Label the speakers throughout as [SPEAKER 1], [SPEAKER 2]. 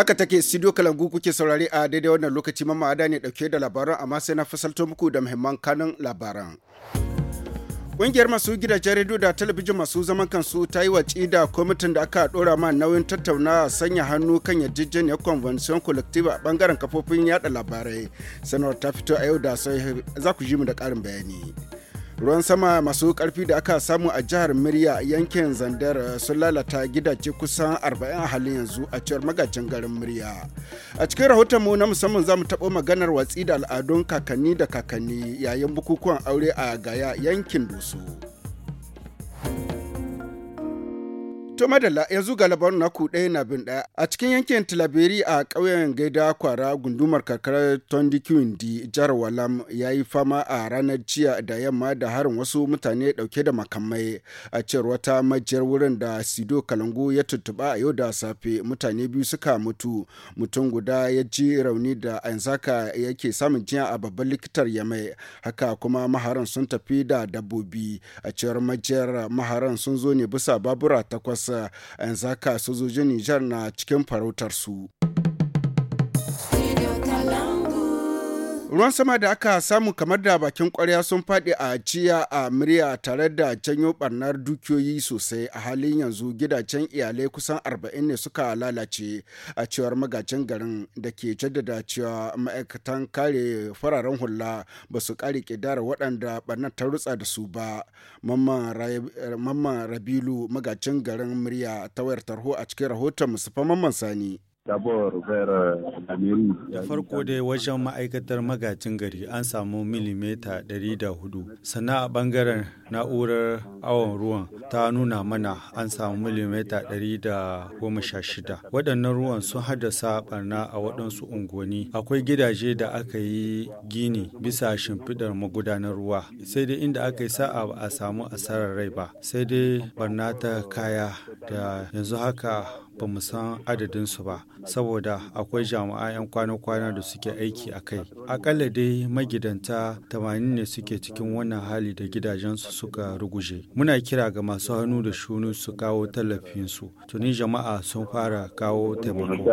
[SPEAKER 1] Haka take studio Kalangu kuke saurare a daidai wannan lokaci mamma ada ne dauke da labaran amma sai na fasalto muku da muhimman kanun labaran. Ƙungiyar masu gidajen rediyo da talabijin masu zaman kansu ta yi watsi da kwamitin da aka dora ma nauyin tattauna sanya hannu kan yarjejeniyar convention collective a bangaren kafofin yada labarai. Sanarwar ta fito a yau da sai za ku ji mu da ƙarin bayani. ruwan sama masu karfi da aka samu a jihar murya yankin zandar eh, sun lalata gidaje kusan 40 a halin yanzu a cewar magajin garin murya a cikin rahoton mu na musamman za mu taɓo maganar watsi da al'adun kakanni da kakanni yayin bukukuwan aure a gaya yankin dusu. To madalla yanzu ga labarin naku ɗaya na bin ɗaya a cikin yankin Tilaberi a ƙauyen Gaida Kwara gundumar karkarar Tondikiwindi jihar Walam ya yi fama a ranar jiya da yamma da harin wasu mutane ɗauke da makamai a cewar wata majiyar wurin da Sido Kalangu ya tuttuɓa a yau da safe mutane biyu suka mutu mutum guda ya ji rauni da yanzu haka yake samun jiya a babban likitar Yamai haka kuma maharan sun tafi da dabbobi a cewar majiyar maharan sun zo ne bisa babura takwas yanzu haka sojojin Nijar na cikin farautar su. ruwan sama da aka samu kamar da bakin kwarya sun faɗi a ciya a murya tare da canyo barnar dukiyoyi sosai a halin yanzu gidajen iyalai kusan 40 ne suka lalace a cewar magajin garin da ke jaddada cewa ma'aikatan kare fararen hula ba su kare kidara waɗanda barnar ta rutsa da su ba mamman rabilu magajin garin murya ta wayar tarho a cikin rahoton musufa mamman sani Eh,
[SPEAKER 2] da farko da wajen ma'aikatar magajin gari an samu milimeta 104 sannan a bangaren na'urar awon ruwan ta nuna mana an samu milimeta 116 waɗannan ruwan sun haddasa barna a waɗansu unguwanni akwai gidaje da aka yi gini bisa shimfidar magudanar ruwa sai dai inda aka yi sa'a ba a samu asarar rai ba sai dai barna ta kaya da yanzu haka ba mu san adadinsu ba saboda akwai jami'a 'yan kwana-kwana da suke aiki a kai. Akalla dai magidanta 80 ne suke cikin wannan hali da gidajensu suka ruguje. Muna kira ga masu hannu da shunu su kawo tallafinsu. Tuni jama'a sun fara kawo taimako.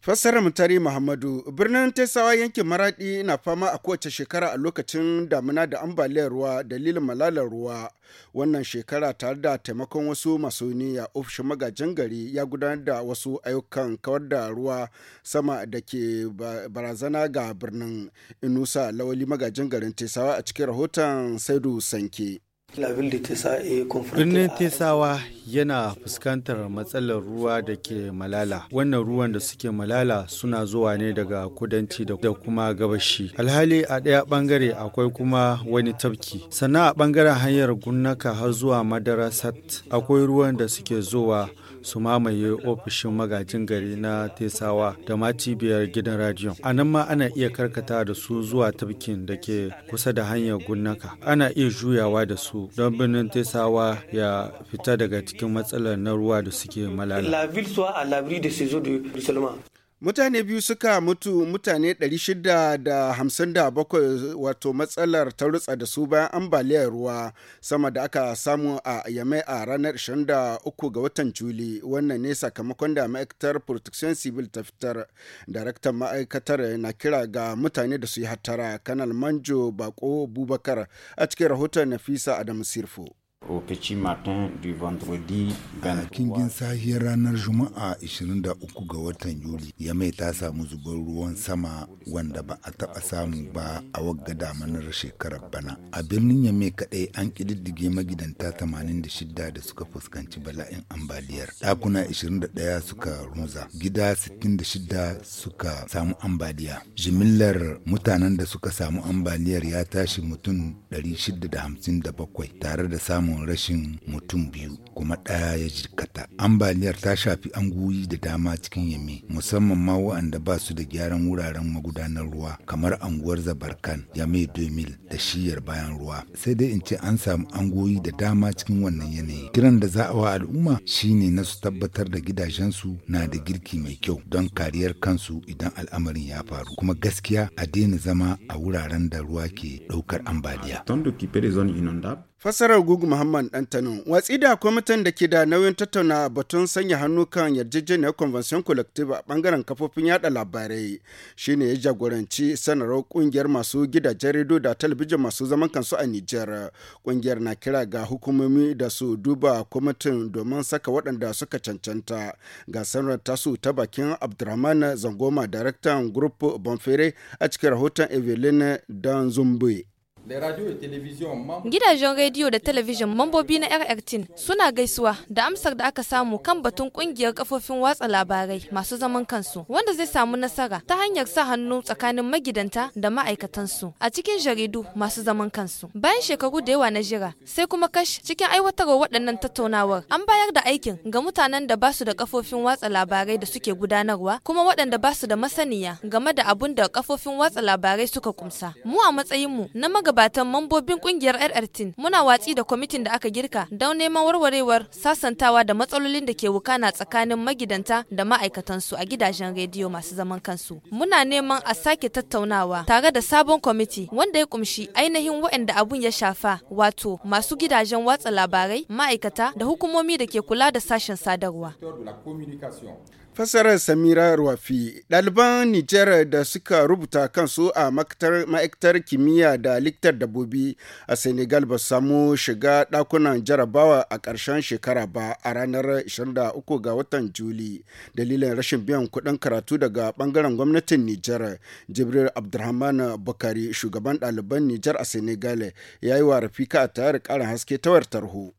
[SPEAKER 1] Fassarar mutari Muhammadu, birnin Tesawa yankin Maradi na fama a kowace shekara a lokacin damina da ambaliyar ruwa dalilin malalar ruwa. Wannan shekara tare da taimakon wasu masu niyya ofishin magaji magajin gari ya gudanar da wasu ayyukan kawar da ruwa sama da ke barazana ga birnin inusa lawali magajin garin tesawa a cikin rahoton saidu sanke Eh,
[SPEAKER 2] Birnin Tesawa yana fuskantar matsalar ruwa da ke malala. Wannan ruwan da suke malala suna zuwa ne daga kudanci da kuma gabashi. Alhali a ɗaya ɓangare akwai kuma wani tafki. Sannan a ɓangaren hanyar gunnaka har zuwa madarasat akwai ruwan da suke zuwa su mamaye ofishin magajin gari na tesawa da ma cibiyar gidan radiyon a nan ma ana iya karkata da su zuwa tafkin da ke kusa da hanyar gunnaka ana iya juyawa da su don birnin Tesawa ya fita daga cikin matsalar na ruwa da suke malala.
[SPEAKER 1] mutane biyu suka mutu mutane 657 wato matsalar ta rutsa da su bayan ambaliyar ruwa sama da aka samu a yamai a ranar 23 ga watan juli wannan ne sakamakon da ma'aikatar protection civil ta fitar daraktan ma'aikatar na kira ga mutane da su yi hatara kanal manjo bako bubakar a cikin rahoton nafisa adamu sirfo matin Kingin sahiyar ranar Juma'a 23 ga watan Yuli, Yamai ta samu zubar ruwan sama wanda ba a taɓa samu ba a wagga damanar shekarar bana. A birnin Yamai kadai an kididdige magidanta 86 da suka fuskanci bala'in ambaliyar. dakuna 21 suka runza gida 66 suka samu ambaliya. Jimillar mutanen da suka samu ambaliyar ya tashi mutum 657 tare da samun samun rashin mutum biyu kuma ɗaya ya jirkata. Ambaliyar ta shafi anguyi da dama cikin yammi. musamman ma waɗanda ba su da gyaran wuraren magudanar ruwa kamar anguwar Zabarkan, Yame 2000 da shiyar bayan ruwa. Sai dai in ce an samu angoyi da dama cikin wannan yanayi. Kiran da za a wa al'umma shine na su tabbatar da gidajensu na da girki mai kyau don kariyar kansu idan al'amarin ya faru. Kuma gaskiya a daina zama a wuraren da ruwa ke ɗaukar ambaliya. ki pere Fassarar Gugu Muhammad Dantanin watsi da kwamitin da ke da nauyin tattauna batun sanya hannu kan yarjejeniyar Convention Collective a bangaren kafofin yada labarai shine ya jagoranci sanarwar kungiyar masu gidajen rediyo da talabijin masu zaman kansu a Nijar. Kungiyar na kira ga hukumomi da su duba kwamitin domin saka waɗanda suka cancanta. Ga sanarwar tasu ta bakin Abdurrahman Zangoma, daraktan Group Bonfere a cikin rahoton Evelyn Danzumbe.
[SPEAKER 3] Gidajen rediyo da talabijin mambobi na RRTN suna gaisuwa da amsar da aka samu kan batun kungiyar kafofin watsa labarai masu zaman kansu wanda zai samu nasara ta hanyar sa hannu tsakanin magidanta da ma'aikatansu a cikin jaridu masu zaman kansu. Bayan shekaru da yawa na jira sai kuma kash cikin aiwatarwa waɗannan tattaunawar an bayar da aikin ga mutanen da basu da kafofin watsa labarai da suke gudanarwa kuma waɗanda basu da masaniya game da abun da kafofin watsa labarai suka kumsa. Mu a matsayinmu na maga gabatan mambobin kungiyar RRT muna watsi da kwamitin da aka girka don neman warwarewar sasantawa da matsalolin da ke wukana tsakanin magidanta da ma'aikatansu a gidajen rediyo masu zaman kansu. Muna neman a sake tattaunawa tare da sabon kwamiti wanda ya kumshi ainihin waɗanda abun ya shafa wato masu gidajen watsa labarai, ma'aikata da hukumomi da ke kula da sashen sadarwa.
[SPEAKER 1] Fasarar Samira ruwafi ɗaliban Nijar da suka rubuta kansu a ma'aikatar kimiyya da liktar dabbobi a Senegal ba samu shiga ɗakunan jarabawa a ƙarshen shekara ba a ranar 23 ga watan Juli. Dalilin rashin biyan kuɗin karatu daga ɓangaren gwamnatin Nijar, Jibril Abdurrahman bukari shugaban ɗaliban Nijar a Senegal, ya yi wa Rafika a tare ƙarin haske ta tarho.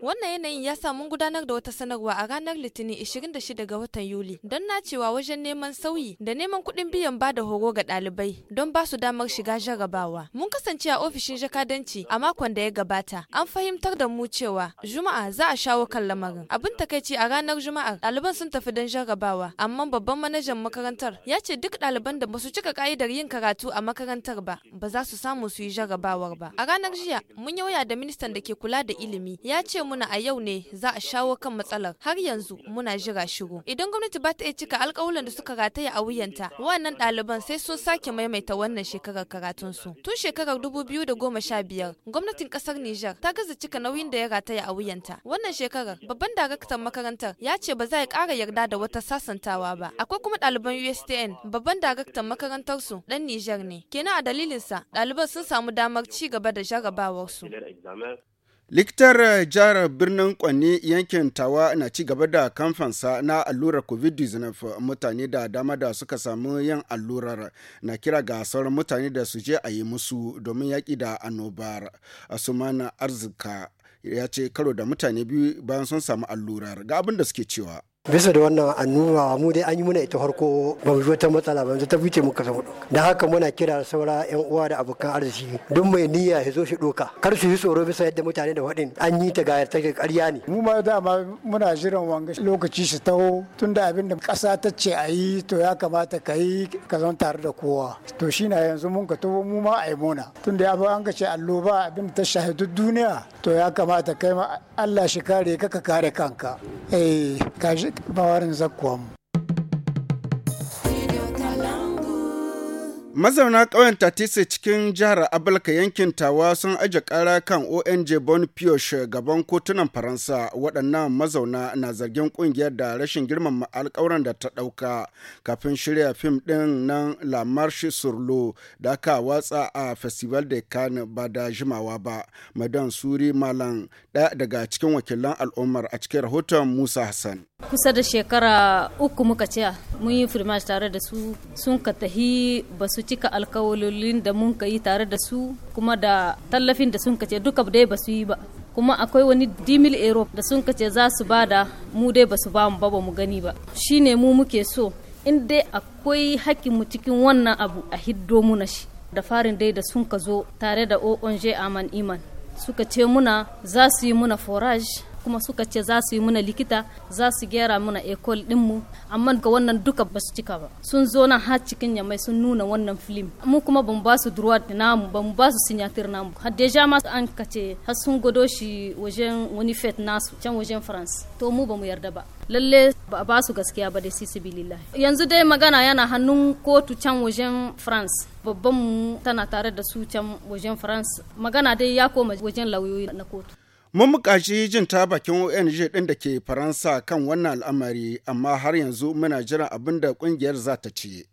[SPEAKER 3] Wannan yanayin ya sa mun gudanar da wata sanarwa a ranar Litinin 26 ga watan Yuli don nacewa wajen neman sauyi da neman kuɗin biyan ba da horo ga ɗalibai don ba su damar shiga jarrabawa. Mun kasance a ofishin jakadanci a makon da ya gabata. An fahimtar da mu cewa Juma'a za a shawo kan lamarin. Abin takaici a ranar Juma'ar ɗaliban sun tafi don jarrabawa amma babban manajan makarantar ya ce duk ɗaliban da ba su cika ka'idar yin karatu a makarantar ba ba za su samu su yi jarrabawar ba. A ranar jiya mun yi waya da ministan da ke kula da ilimi ya ce muna a yau ne za a shawo kan matsalar har yanzu muna jira shigo idan gwamnati ba ta iya cika alkawulan da suka rataya a wuyanta wannan ɗaliban sai sun sake maimaita wannan shekarar karatun su tun shekarar biyar gwamnatin kasar Nijar ta gaza cika nauyin da ya rataya a wuyanta wannan shekarar babban daraktan makarantar ya ce ba za ya ƙara yarda da wata sasantawa ba akwai kuma ɗaliban USTN babban daraktan makarantar su ɗan Nijar ne kenan a dalilinsa ɗaliban sun samu damar ci gaba da su.
[SPEAKER 1] likitar eh, jihar birnin kwanni yankin tawa na ci gaba da kamfansa na allurar covid-19 mutane da dama da suka samu yin allurar na kira ga sauran mutane da su je a yi musu domin yaƙi da annobar asumana arzika ya ce karo da mutane biyu bayan sun samu allurar ga abin da suke cewa
[SPEAKER 4] bisa da wannan annura mu dai an yi muna ita farko ba mu ta matsala ba ta fice muka samu da Da haka muna kira saura yan uwa da abokan arziki duk mai niyya ya zo shi doka kar su yi tsoro bisa yadda mutane da wadin an yi ta gayar ta ƙarya ne mu ma dama muna jiran wanga lokaci shi taho tunda abin da ƙasa ta ce a yi to ya kamata ka yi ka zan tare da kowa to shi na yanzu mun ka taho mu ma a yi mona tunda ya an ka ce allo ba abin ta shahi duk duniya to ya kamata kai ma Allah shi kare ka ka kare kanka eh bawarin zakkuwanmu.
[SPEAKER 1] Mazauna ƙauyen Tatise cikin jihar Abalka yankin Tawa sun aje ƙara kan ONG Bon Pioche gaban kotunan Faransa. Waɗannan mazauna na zargin ƙungiyar da rashin girmama alƙawuran da ta ɗauka kafin shirya fim ɗin nan La Marche sur da aka watsa a Festival de Cannes ba da jimawa ba. Madan Suri Malam ɗaya daga cikin wakilan al'ummar a cikin rahoton Musa Hassan.
[SPEAKER 5] kusa da shekara uku muka ce ah, mun yi firmash tare da su sun ka tahi ba su cika alkawalolin da mun ka yi tare da su kuma da tallafin da sun ka ce duka dai ba su yi ba kuma akwai wani dimil euro da sun ka ce za su ba da mu dai ba su ba mu ba mu gani ba shine mu muke so in dai akwai mu cikin wannan abu a hiddo muna shi da farin dai da sun ka zo tare da ong aman iman suka ce muna za su yi muna forage kuma suka ce za su yi muna likita za su gyara muna ekol dinmu amma ga wannan duka ba su cika ba sun zo nan har cikin yamai sun nuna wannan film mu kuma ban ba su na namu ba mu ba su sinyatir namu har deja ma an kace har sun gado shi wajen wani fet nasu can wajen france to mu ba mu yarda ba lalle ba a ba su gaskiya ba da sisi bilillahi yanzu dai magana yana hannun kotu can wajen france babban mu tana tare da su can wajen france magana dai ya koma wajen lauyoyi na kotu
[SPEAKER 1] Mun buƙaci jin ta bakin ONG ɗin da ke Faransa kan wannan al'amari, amma har yanzu muna jiran abin da ƙungiyar za ta ce.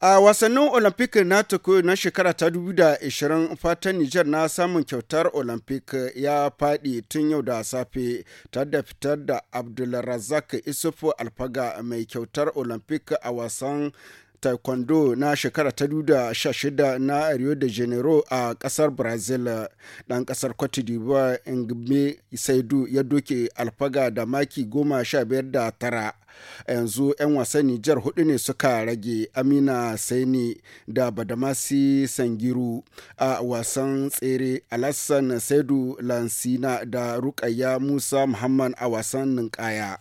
[SPEAKER 1] A wasannin Olympic na tuku na shekara ta 2020 fatan Nijar na samun kyautar olamfik ya faɗi tun yau da safe ta da fitar da Abdulrazak Isufu Alfaga mai kyautar olamfik a wasan taekwondo na shekara ta shida na rio de janeiro a kasar brazil dan kasar cote d'ivoire ingbe saidu ya doke alfaga da maki goma sha biyar da tara yanzu 'yan wasan nijar hudu ne suka rage amina saini da badamasi sangiru a wasan tsere alassan saidu lansina da rukayya musa muhammad a wasan ninkaya.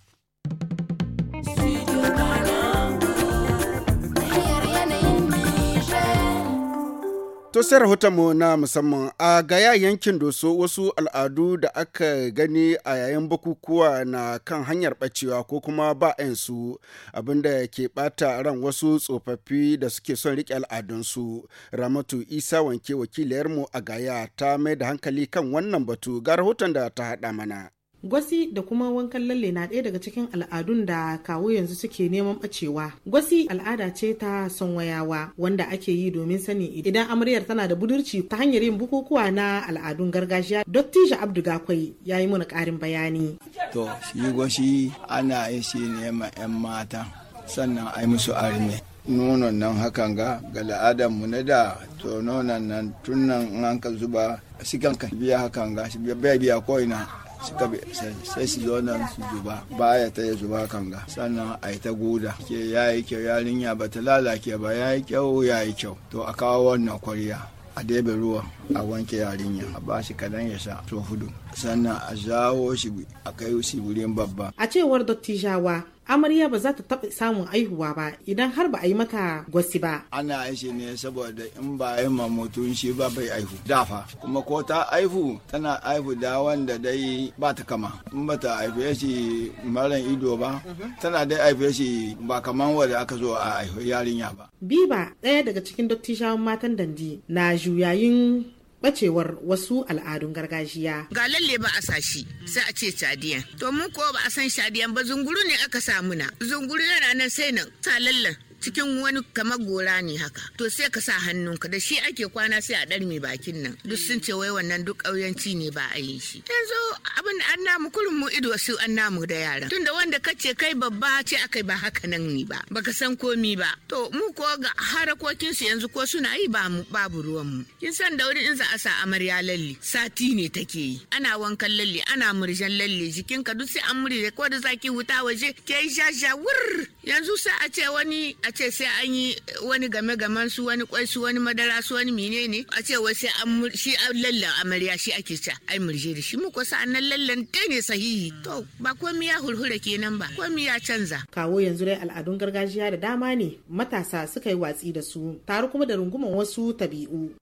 [SPEAKER 1] To sai mu na musamman a gaya yankin doso wasu al'adu da aka gani a yayin bukukuwa na kan hanyar bacewa ko kuma ba su abinda ke bata ran wasu tsofaffi da suke son rike al'adunsu. Ramatu Isa wanke wakiliyarmu a gaya ta mai da hankali kan wannan batu ga rahoton da ta haɗa mana.
[SPEAKER 6] Gwasi da kuma wankan lalle na ɗaya daga cikin al'adun da kawo yanzu suke neman bacewa. Gwasi al'ada ce ta sanwayawa wanda ake yi domin sani idan amaryar tana da budurci ta hanyar yin bukukuwa na al'adun gargajiya. Dottija Abdu Gakwai ya yi mana ƙarin bayani.
[SPEAKER 4] To, shi gwasi ana yi shi neman 'yan mata sannan ai musu arne nonon nan hakan ga ga mu na da to nonon nan tun nan an ka zuba sikan ka biya hakan ga biya biya ko ina suka bi sai su zo nan su zuba ya ta zuba kanga sannan a ta goda. ke ya yi kyau yarinya ba ta lalace ba ya yi kyau ya yi kyau to a kawo wannan kwarya a debe ruwa a wanke yarinya a ba shi kadan ya sha to hudu sannan a jawo shi a kai shi wurin babba
[SPEAKER 6] a cewar dattijawa amarya ba za ta taɓa samun aihuwa ba idan har ba a yi mata
[SPEAKER 4] gwasi ba. Ana yin shi ne saboda in ba yi mamutu shi ba bai aihu dafa kuma ko ta aihu tana aihu da wanda dai ba ta kama in ba ta aife shi maran ido ba tana dai ya shi ba kaman wanda aka zo a aihu yarinya ba.
[SPEAKER 6] Biba ɗaya daga cikin dattijawan matan dandi na juyayin bacewar wasu al'adun gargajiya. Ga lalle
[SPEAKER 7] ba a sashi sai a ce cadiyan. To mun ba a san cadiyan ba zunguru ne aka samu na. Zunguru yana nan sai nan sa lallan cikin wani kamar gora ne haka to sai ka sa hannunka da shi ake kwana sai a mai bakin nan duk sun ce wai wannan duk ƙauyanci ne ba a yi shi yanzu abin an namu kurin mu ido su an namu da yaran tunda wanda ka ce kai babba ce akai ba haka nan ne ba baka san komi ba to mu ko ga harakokin su yanzu ko suna yi ba mu babu ruwan mu kin san da wurin in za a sa amarya lalle sati ne take yi ana wankan lalle ana murjan lalle jikinka duk sai an murje ko da zaki huta waje ke shasha wur yanzu sai a ce wani a ce sai an yi wani game game su wani kwai su wani madara su wani mine ne a ce wai sai an shi lallan amarya shi ake ci ai murje da shi ko sa'an lallan dai ne sahihi to ba komai ya hurhura kenan ba komai ya canza
[SPEAKER 6] kawo yanzu dai al'adun gargajiya da dama ne matasa suka yi watsi da su tare kuma da rungumar wasu tabi'u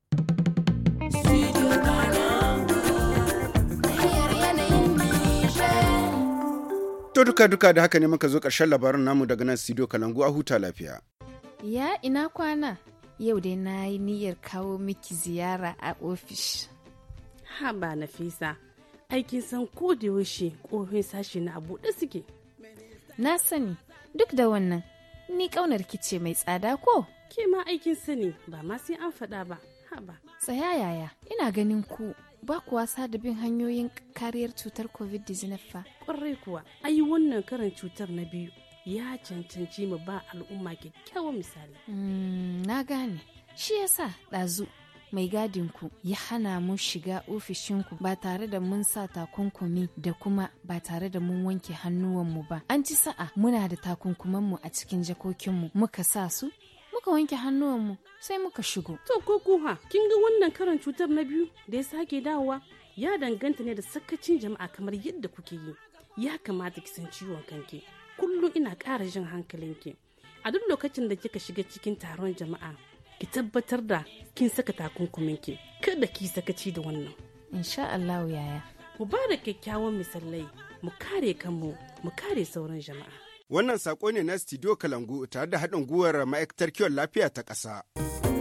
[SPEAKER 1] To duka duka da haka ne muka zo ƙarshen labarin namu daga nan studio Kalangu a huta lafiya.
[SPEAKER 3] Ya ina kwana yau dai na yi
[SPEAKER 8] niyyar kawo miki ziyara a ofis. Ha ba Nafisa, aikin san ko da yaushe ƙofin sashi na buɗe suke. Na sani duk da wannan ni ƙaunar kice mai tsada ko? Ke ma aikin sani ba ma sai an faɗa ba. Ha ba.
[SPEAKER 3] Tsaya yaya ina ganin ku. ba ku wasa da bin hanyoyin kariyar
[SPEAKER 8] cutar covid-19 fa ƙwarai kuwa ayi wannan karin cutar na biyu ya cancanci mu ba al'umma kyakkyawan misali hmm, na gane shi yasa
[SPEAKER 3] ɗazu mai gadin ku ya hana mu shiga ofishinku ba tare da mun sa takunkumi da kuma ba tare da mun wanke hannuwanmu ba an ci sa'a muna da takunkumanmu a cikin jakokinmu muka sa su ka wanke
[SPEAKER 8] mu sai muka shigo. To ko kuwa kin ga wannan karan cutar na biyu da ya sake dawowa ya danganta ne da sakacin jama'a kamar yadda kuke yi. Ya kamata ki san ciwon kanki. Kullum ina ƙara jin ki A duk lokacin da kika shiga cikin taron jama'a ki tabbatar da kin saka ki Kada ki sakaci da wannan. Insha Allah yaya. Mu ba da kyakkyawan misalai mu kare kanmu mu kare sauran jama'a.
[SPEAKER 1] Wannan saƙo ne na Studio Kalangu tare da haɗin gwiwar ma'aikatar kiwon lafiya ta ƙasa.